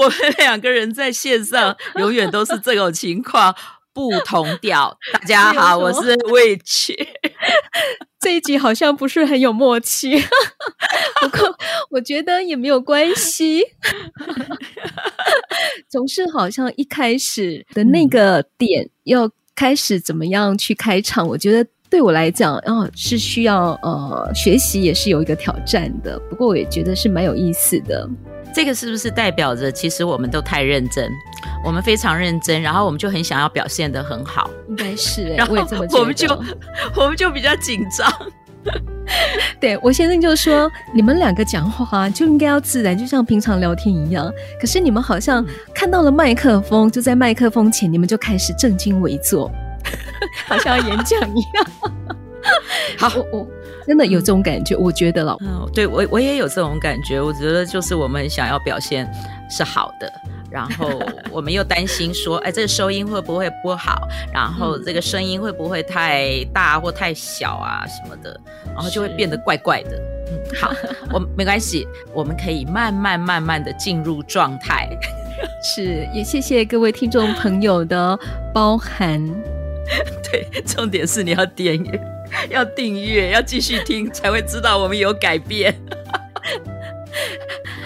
我們兩個人在線上永遠都是這種情況，不同調。 大家好，我是 Witch。 這一集好像不是很有默契， 不過我覺得也沒有關係。 總是好像一開始的那個點、嗯、要開始怎麼樣去開場，我覺得對我來講，哦，是需要呃學習，也是有一個挑戰的。不過我也覺得是蠻有意思的。這個是不是代表着，其實我們都太認真，我們非常認真，然後我們就很想要表現得很好。應該是耶，我也這麼覺得 然後我們就我們就比較緊張。 對，我先生就說，你們兩個講話就應該要自然，就像平常聊天一樣。可是你們好像看到了麥克風，就在麥克風前，你們就開始正襟危坐， 好像要演講一樣。 好。我我真的有這種感覺、嗯，我覺得了。嗯，對我我也有這種感覺。我覺得就是我們想要表現是好的，然後我們又擔心說，哎、 欸，這個收音會不會不好？然後這個聲音會不會太大或太小啊什麼的？然後就會變得怪怪的。嗯，好，我沒關係，我們可以慢慢慢慢的進入狀態。 是，也謝謝各位聽眾朋友的包涵。 對，重點是你要點。 要訂閱，要繼續聽，才會知道我們有改變。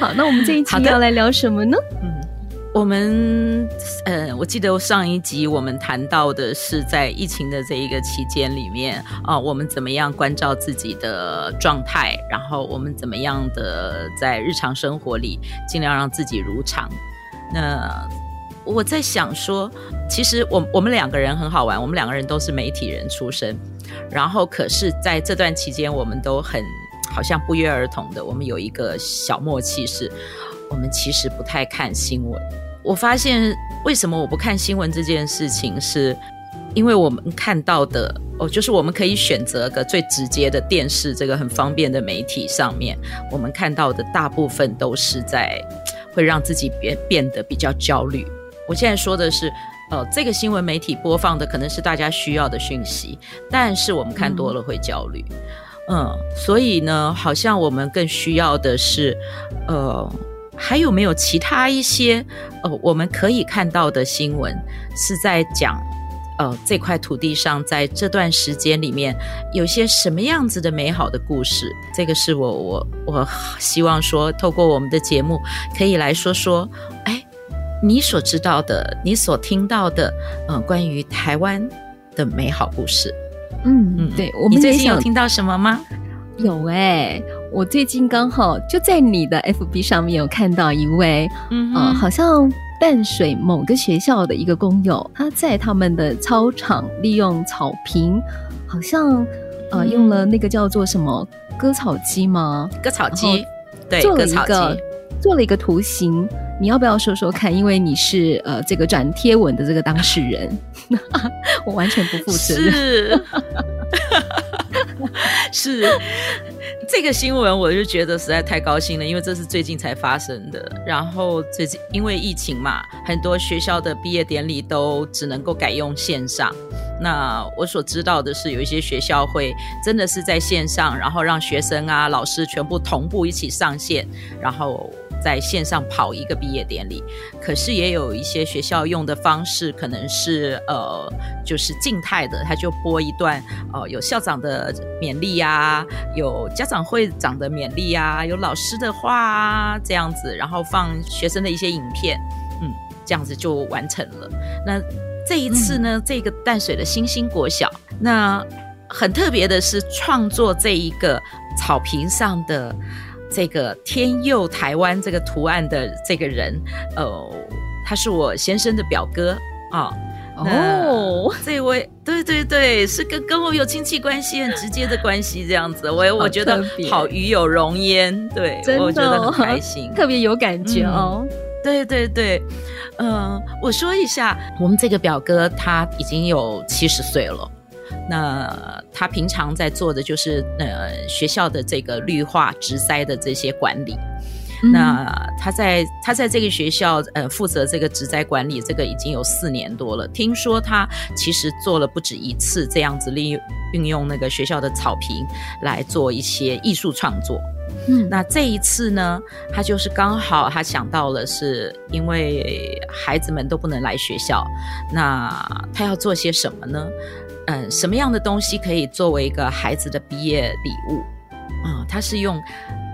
好，那我們這一集要來聊什麼呢？嗯，我們，呃，我記得上一集我們談到的是在疫情的這一個期間裡面啊，呃，我們怎麼樣關照自己的狀態，然後我們怎麼樣的在日常生活裡盡量讓自己如常。那我在想說，其實我們我們兩個人很好玩，我們兩個人都是媒體人出身，然後可是在這段期間，我們都很好像不約而同的，我們有一個小默契是，是我們其實不太看新聞。我發現為什麼我不看新聞這件事情是，是因為我們看到的哦，就是我們可以選擇個最直接的電視，這個很方便的媒體上面，我們看到的大部分都是在會讓自己變變得比較焦慮。我現在說的是，呃，這個新聞媒體播放的可能是大家需要的訊息，但是我們看多了會焦慮，嗯，嗯，所以呢，好像我們更需要的是，呃，還有沒有其他一些，呃，我們可以看到的新聞是在講，呃，這塊土地上在這段時間裡面有些什麼樣子的美好的故事？這個是我我我希望說，透過我們的節目可以來說說。你所知道的，你所聽到的，嗯、呃，關於台灣的美好故事，嗯嗯，對，我們最近有聽到什麼嗎？有誒、欸，我最近剛好就在你的 FB 上面有看到一位，嗯、呃，好像淡水某個學校的一個工友，他在他們的操場利用草坪，好像呃、嗯，用了那個叫做什麼割草機嗎？割草機，對，割草機。做了一個圖形，你要不要說說看？因為你是呃這個轉貼文的這個當事人， 我完全不負責任。是， 是這個新聞，我就覺得實在太高興了，因為這是最近才發生的。然後最近因為疫情嘛，很多學校的畢業典禮都只能夠改用線上。那我所知道的是，有一些學校會真的是在線上，然後讓學生啊、老師全部同步一起上線，然後。在線上跑一個畢業典禮，可是也有一些學校用的方式可能是呃，就是靜態的，他就播一段哦、呃，有校長的勉勵呀、啊，有家長會長的勉勵啊，有老師的話、啊、這樣子，然後放學生的一些影片，嗯，這樣子就完成了。那這一次呢，嗯、這個淡水的新興國小，那很特別的是創作這一個草坪上的。這個天佑台灣這個圖案的這個人，哦、呃，他是我先生的表哥啊。哦、哦，這位，對對對，是跟跟我有親戚關係，很直接的關係，這樣子。我也我覺得好，與有榮焉、哦，對真的，哦、我覺得很開心，特別有感覺哦。嗯、對對對，嗯、呃，我說一下，我們這個表哥他已經有七十歲了。那他平常在做的就是呃學校的這個綠化植栽的這些管理。嗯、那他在他在這個學校呃負責這個植栽管理，這個已經有四年多了。聽說他其實做了不止一次這樣子利用運用那個學校的草坪來做一些藝術創作。嗯，那這一次呢，他就是剛好他想到了，是因為孩子們都不能來學校，那他要做些什麼呢？嗯，什麼樣的東西可以作為一個孩子的畢業禮物？啊、嗯，他是用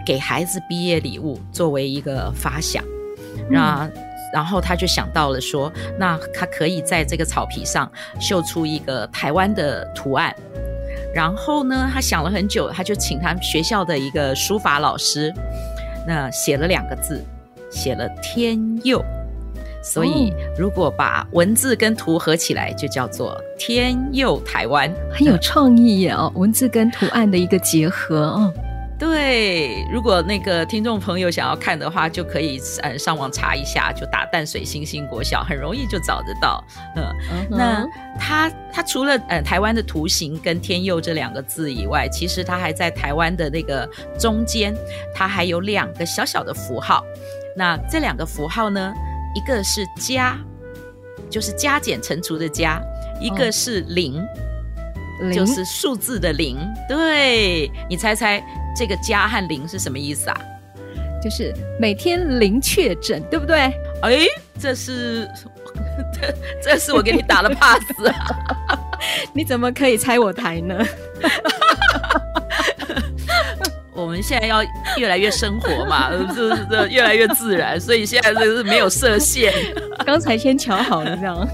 給孩子畢業禮物作為一個發想，那然、嗯、然後他就想到了說，那他可以在這個草皮上繡出一個台灣的圖案。然後呢，他想了很久，他就請他學校的一個書法老師，那寫了兩個字，寫了“天佑”。所以，如果把文字跟圖合起來，哦、就叫做“天佑台灣”，很有創意耶！哦，文字跟圖案的一個結合哦、嗯。對，如果那個聽眾朋友想要看的話，就可以嗯、呃、上網查一下，就打“淡水新興國小”，很容易就找得到。嗯，嗯嗯，那它它除了嗯、呃、台灣的圖形跟“天佑”這兩個字以外，其實它還在台灣的那個中間，它還有兩個小小的符號。那這兩個符號呢？一個是加，就是加減乘除的加；一個是零，哦、就是數字的零,零。對，你猜猜這個加和零是什麼意思啊？就是每天零確診，對不對？哎，這是這， 這是我給你打了 pass，啊， 你怎麼可以拆我台呢？ 我們現在要越來越生活嘛，就是 這，這越來越自然，所以現在就是沒有設限。剛 才先喬好了，這樣。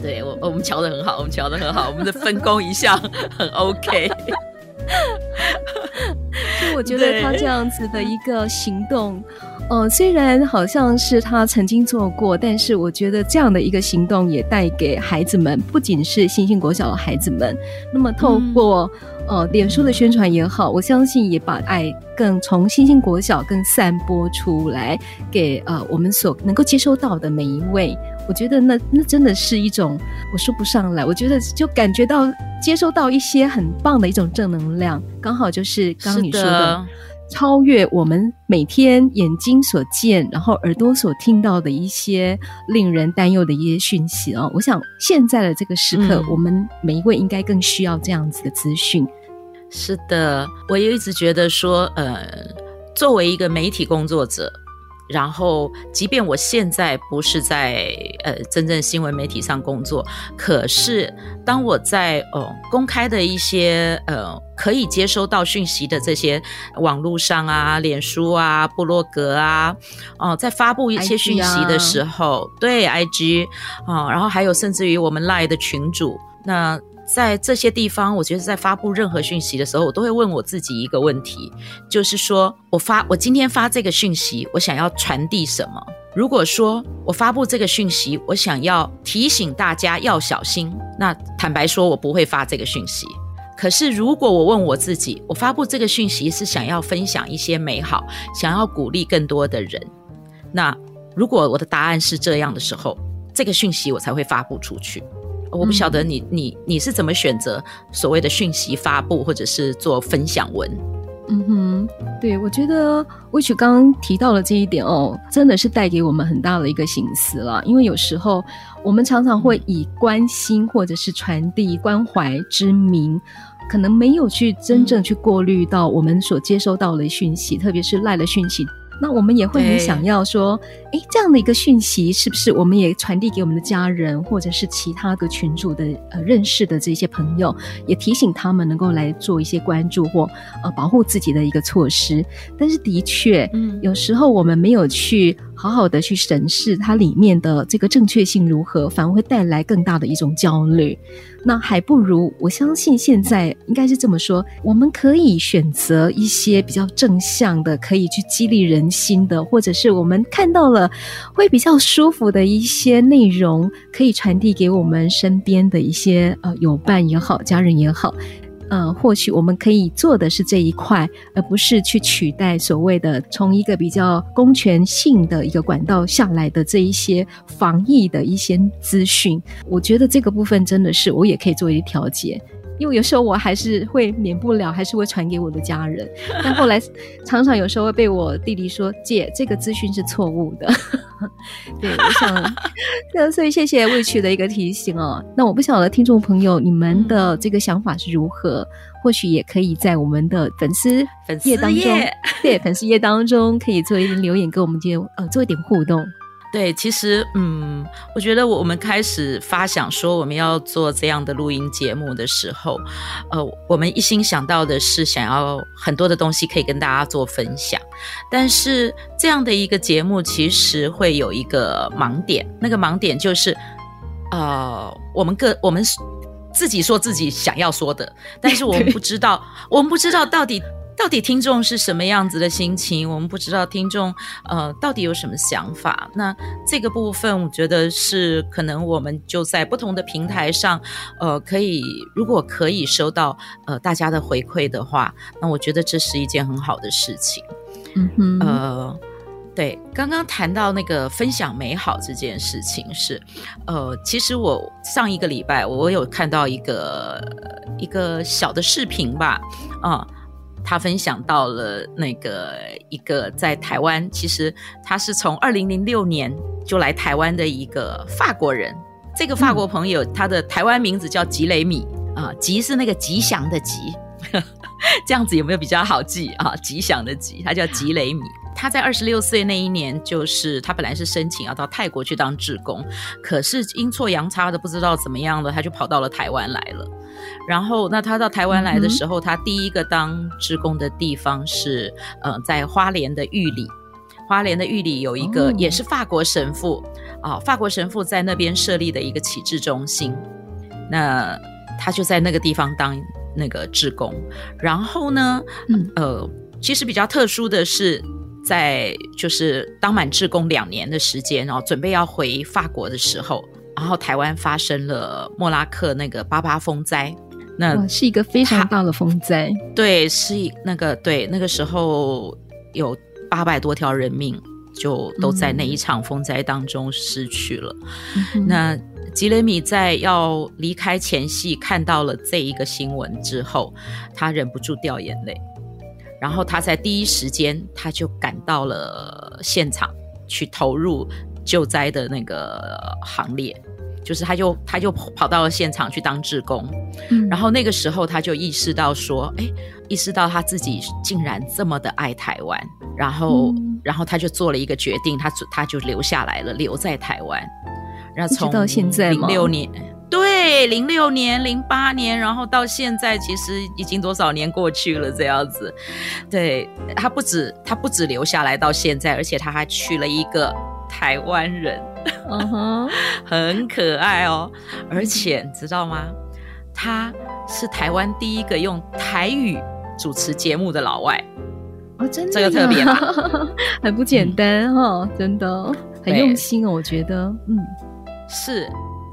對，我我們喬得很好，我們喬得很好， 我們的分工一向很 OK。所 以 我覺得他這樣子的一個行動。哦，雖然好像是他曾經做過，但是我覺得這樣的一個行動也帶給孩子們，不僅是新興國小的孩子們。那麼透過、嗯、呃臉書的宣傳也好，我相信也把愛更從新興國小更散播出來，給呃我們所能夠接收到的每一位。我覺得那那真的是一種我說不上來，我覺得就感覺到接收到一些很棒的一種正能量，剛好就是剛剛你說的。超越我們每天眼睛所見，然後耳朵所聽到的一些令人擔憂的一些訊息啊！我想，現在的這個時刻，嗯，我們每一位應該更需要這樣子的資訊。是的，我也一直覺得說，呃，作為一個媒體工作者。然後，即便我現在不是在呃真正新聞媒體上工作，可是當我在哦、呃、公開的一些呃可以接收到訊息的這些網絡上啊，臉書啊，部落格啊，哦、呃，在發布一些訊息的時候，IG 啊、對 IG 啊、呃，然後還有甚至於我們 LINE 的群組那，在這些地方，我覺得在發布任何訊息的時候，我都會問我自己一個問題，就是說我發我今天發這個訊息，我想要傳遞什麼？如果說我發布這個訊息，我想要提醒大家要小心，那坦白說，我不會發這個訊息。可是，如果我問我自己，我發布這個訊息是想要分享一些美好，想要鼓勵更多的人，那如果我的答案是這樣的時候，這個訊息我才會發布出去。我不曉得你，嗯、你你，你是怎麼選擇所謂的訊息發布，或者是做分享文。嗯哼，對我覺得，Witch 剛剛提到了這一點哦，真的是帶給我們很大的一個心思了。因為有時候我們常常會以關心或者是傳遞關懷之名，可能沒有去真正去過濾到我們所接收到的訊息，特別是賴的訊息。那我們也會很想要說，哎，這樣的一個訊息是不是我們也傳遞給我們的家人，或者是其他個群的群主的呃認識的這些朋友、嗯，也提醒他們能夠來做一些關注或呃保護自己的一個措施。但是的確，嗯，有時候我們沒有去。好好的去審視它裡面的這個正確性如何，反而會帶來更大的一種焦慮。那還不如，我相信現在應該是這麼說：我們可以選擇一些比較正向的，可以去激勵人心的，或者是我們看到了會比較舒服的一些內容，可以傳遞給我們身邊的一些呃，友伴也好，家人也好。呃、嗯，或許我們可以做的是這一塊，而不是去取代所謂的從一個比較公權性的一個管道下來的這一些防疫的一些資訊。我覺得這個部分真的是我也可以做一些調節，因為有時候我還是會免不了還是會傳給我的家人，但後來常常有時候會被我弟弟說：“姐，這個資訊是錯誤的。” 對，我想，對，所以謝謝 Witch 的一個提醒哦。那我不曉得聽眾朋友你們的這個想法是如何，或許也可以在我們的粉絲粉絲頁當中，對，粉絲頁當中可以做一點留言跟我們今天，就呃做一點互動。對，其實，嗯，我覺得我們開始發想說我們要做這樣的錄音節目的時候，呃，我們一心想到的是想要很多的東西可以跟大家做分享，但是這樣的一個節目其實會有一個盲點，那個盲點就是，呃，我們個我們自己說自己想要說的，但是我們不知道，我們不知道到底。到底聽眾是什麼樣子的心情？我們不知道聽眾呃到底有什麼想法。那這個部分，我覺得是可能我們就在不同的平台上，呃，可以如果可以收到呃大家的回饋的話，那我覺得這是一件很好的事情。嗯嗯，呃，對，剛剛談到那個分享美好這件事情是，呃，其實我上一個禮拜我有看到一個一個小的視頻吧，啊、呃。他分享到了那個一個在台灣，其實他是從二零零六年就來台灣的一個法國人。這個法國朋友，嗯，他的台灣名字叫吉雷米啊，呃，吉是那個吉祥的吉。 這樣子有沒有比較好記啊？吉祥的吉，他叫吉雷米。他在二十六歲那一年，就是他本來是申請要到泰國去當志工，可是陰錯陽差的，不知道怎麼樣了，他就跑到了台灣來了。然後，那他到台灣來的時候，他第一個當志工的地方是，呃，在花蓮的玉里。花蓮的玉里有一個，也是法國神父啊，法國神父在那邊設立的一個啟智中心。那他就在那個地方當。那個志工，然後呢、嗯，呃，其實比較特殊的是，在就是當滿志工兩年的時間哦，然後準備要回法國的時候，然後台灣發生了莫拉克那個八八風災，那是一個非常大的風災，對，是那個對，那個時候有八百多條人命就都在那一場風災當中失去了，嗯嗯、那。吉雷米在要離開前夕看到了這一個新聞之後，他忍不住掉眼淚，然後他在第一時間他就趕到了現場去投入救災的那個行列，就是他就他就跑到了現場去當志工、嗯，然後那個時候他就意識到說，哎、欸，意識到他自己竟然這麼的愛台灣，然後、嗯、然後他就做了一個決定，他他就留下來了，留在台灣。然後從06年直到現在，零六年，對，零六年，零八年，然後到現在，其實已經多少年過去了？這樣子，對他不止，他不止留下來到現在，而且他還娶了一個台灣人，嗯哼，很可愛哦。而且知道嗎？他是台灣第一個用台語主持節目的老外，哦，oh,，真的，啊，這個特別嘛，很 不簡單哦，嗯，真的，很用心哦，我覺得，嗯。是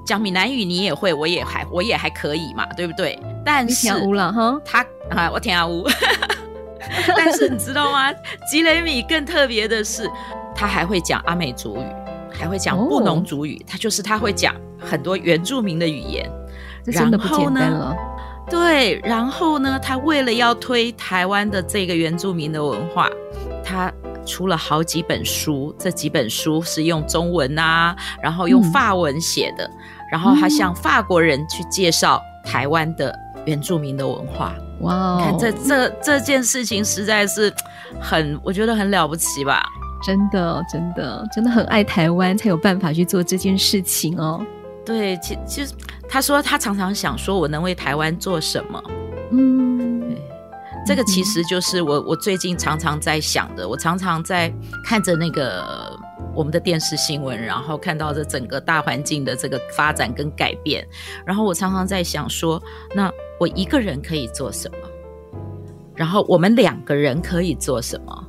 講閩南語，你也會，我也還，我也還可以嘛，對不對？但是阿了哈，他啊，我聽無。 但是你知道嗎？ 吉雷米更特別的是，他還會講阿美族語，還會講布農族語，他、哦、就是他會講很多原住民的語言。這真的不簡單了。對，然後呢，他為了要推台灣的這個原住民的文化，他。出了好幾本書，這幾本書是用中文吶、啊，然後用法文寫的、嗯，然後還向法國人去介紹台灣的原住民的文化。哇、哦，看這這這件事情實在是很、嗯，我覺得很了不起吧？真的，真的，真的很愛台灣才有辦法去做這件事情哦。對，其實其實他說他常常想說，我能為台灣做什麼？嗯。這個其實就是我我最近常常在想的，我常常在看着那個我們的電視新聞，然後看到這整個大環境的這個發展跟改變，然後我常常在想說，那我一個人可以做什麼？然後我們兩個人可以做什麼？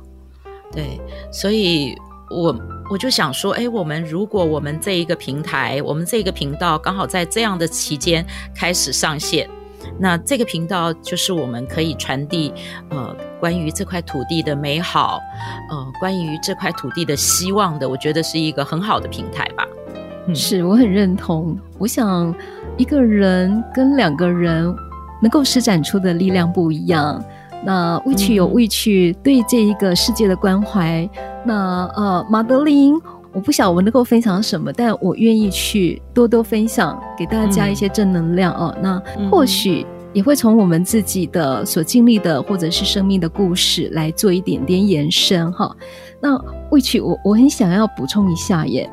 對，所以我我就想說，哎，我們如果我們這一個平台，我們這個頻道，剛好在這樣的期間開始上線。那這個頻道就是我們可以傳遞，呃，關於這塊土地的美好，呃，關於這塊土地的希望的，我覺得是一個很好的平台吧。是，我很認同。我想一個人跟兩個人能夠施展出的力量不一樣。那 Witch 有 Witch 對這一個世界的關懷。那呃，馬德琳。我不曉得我能夠分享什麼，但我願意去多多分享，給大家一些正能量哦。嗯、那或許也會從我們自己的所經歷的，或者是生命的故事來做一點點延伸哈、哦。那 Witch 我我很想要補充一下耶，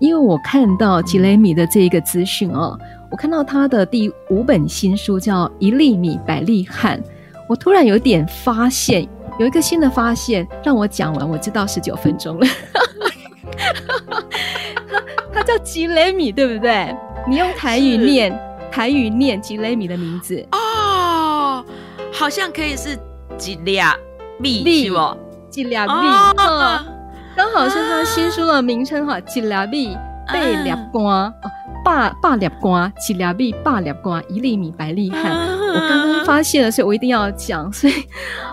因為我看到吉雷米的這一個資訊哦，我看到他的第五本新書叫《一粒米百粒汗》，我突然有點發現，有一個新的發現，讓我講完，我知道十九分鐘了。 他，他叫吉雷米，對不對？你用台語念，台語念吉雷米的名字哦，好像可以是一粒米，米是不？一粒米哦，剛好是他新書的名稱哈，一、啊、粒米八粒汗哦，百百粒汗，一粒米百粒汗，一粒米百粒汗我剛剛發現了，所以我一定要講。所以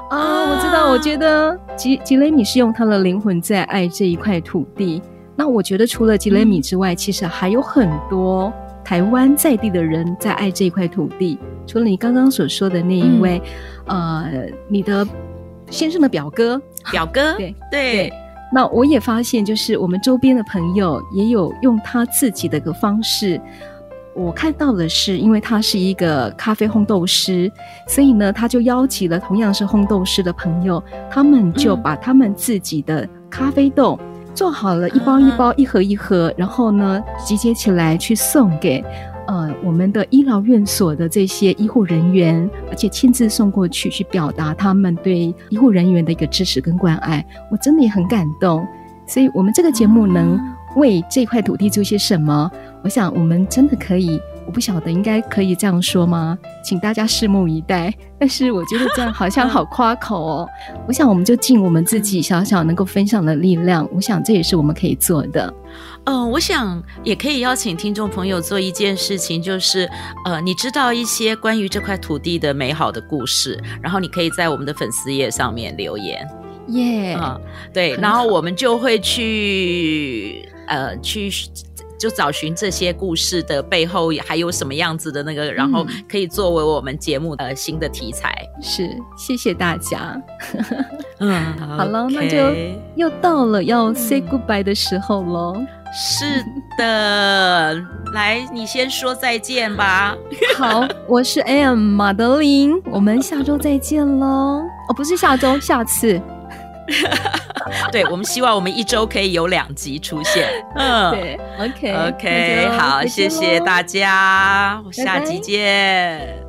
啊，啊，我知道，我覺得吉吉雷米是用他的靈魂在愛這一塊土地。那我覺得，除了吉雷米之外，嗯，其實還有很多台灣在地的人在愛這一塊土地。除了你剛剛所說的那一位，嗯，呃，你的先生的表哥，表哥， 對對，對。那我也發現，就是我們周邊的朋友也有用他自己的個方式，我看到的是，因為他是一個咖啡烘豆師，所以呢，他就邀請了同樣是烘豆師的朋友，他們就把他們自己的咖啡豆做好了一包一包、嗯、一盒一盒，然後呢，集結起來去送給呃我們的醫療院所的這些醫護人員，而且親自送過去去表達他們對醫護人員的一個支持跟關愛。我真的也很感動，所以我們這個節目能為這塊土地做些什麼？我想，我們真的可以，我不曉得應該可以這樣說嗎？請大家拭目以待。但是我覺得這樣好像好誇口哦。我想，我們就盡我們自己小小能夠分享的力量。我想，這也是我們可以做的。嗯、呃，我想也可以邀請聽眾朋友做一件事情，就是呃，你知道一些關於這塊土地的美好的故事，然後你可以在我們的粉絲頁上面留言。耶、yeah, 呃，對，然後我們就會去呃去。就找尋這些故事的背後還有什麼樣子的那個、嗯，然後可以作為我們節目的新的題材。是，謝謝大家。 嗯，好了、okay，那就又到了要 say goodbye 的時候嘍、嗯。是的， 來，你先說再見吧。 好，我是 M 馬德林，我們下周再見嘍。哦、 oh,，不是下周， 下次。 對，我們希望我們一周可以有兩集出現。嗯，OK，OK，好，謝謝大家，下集見。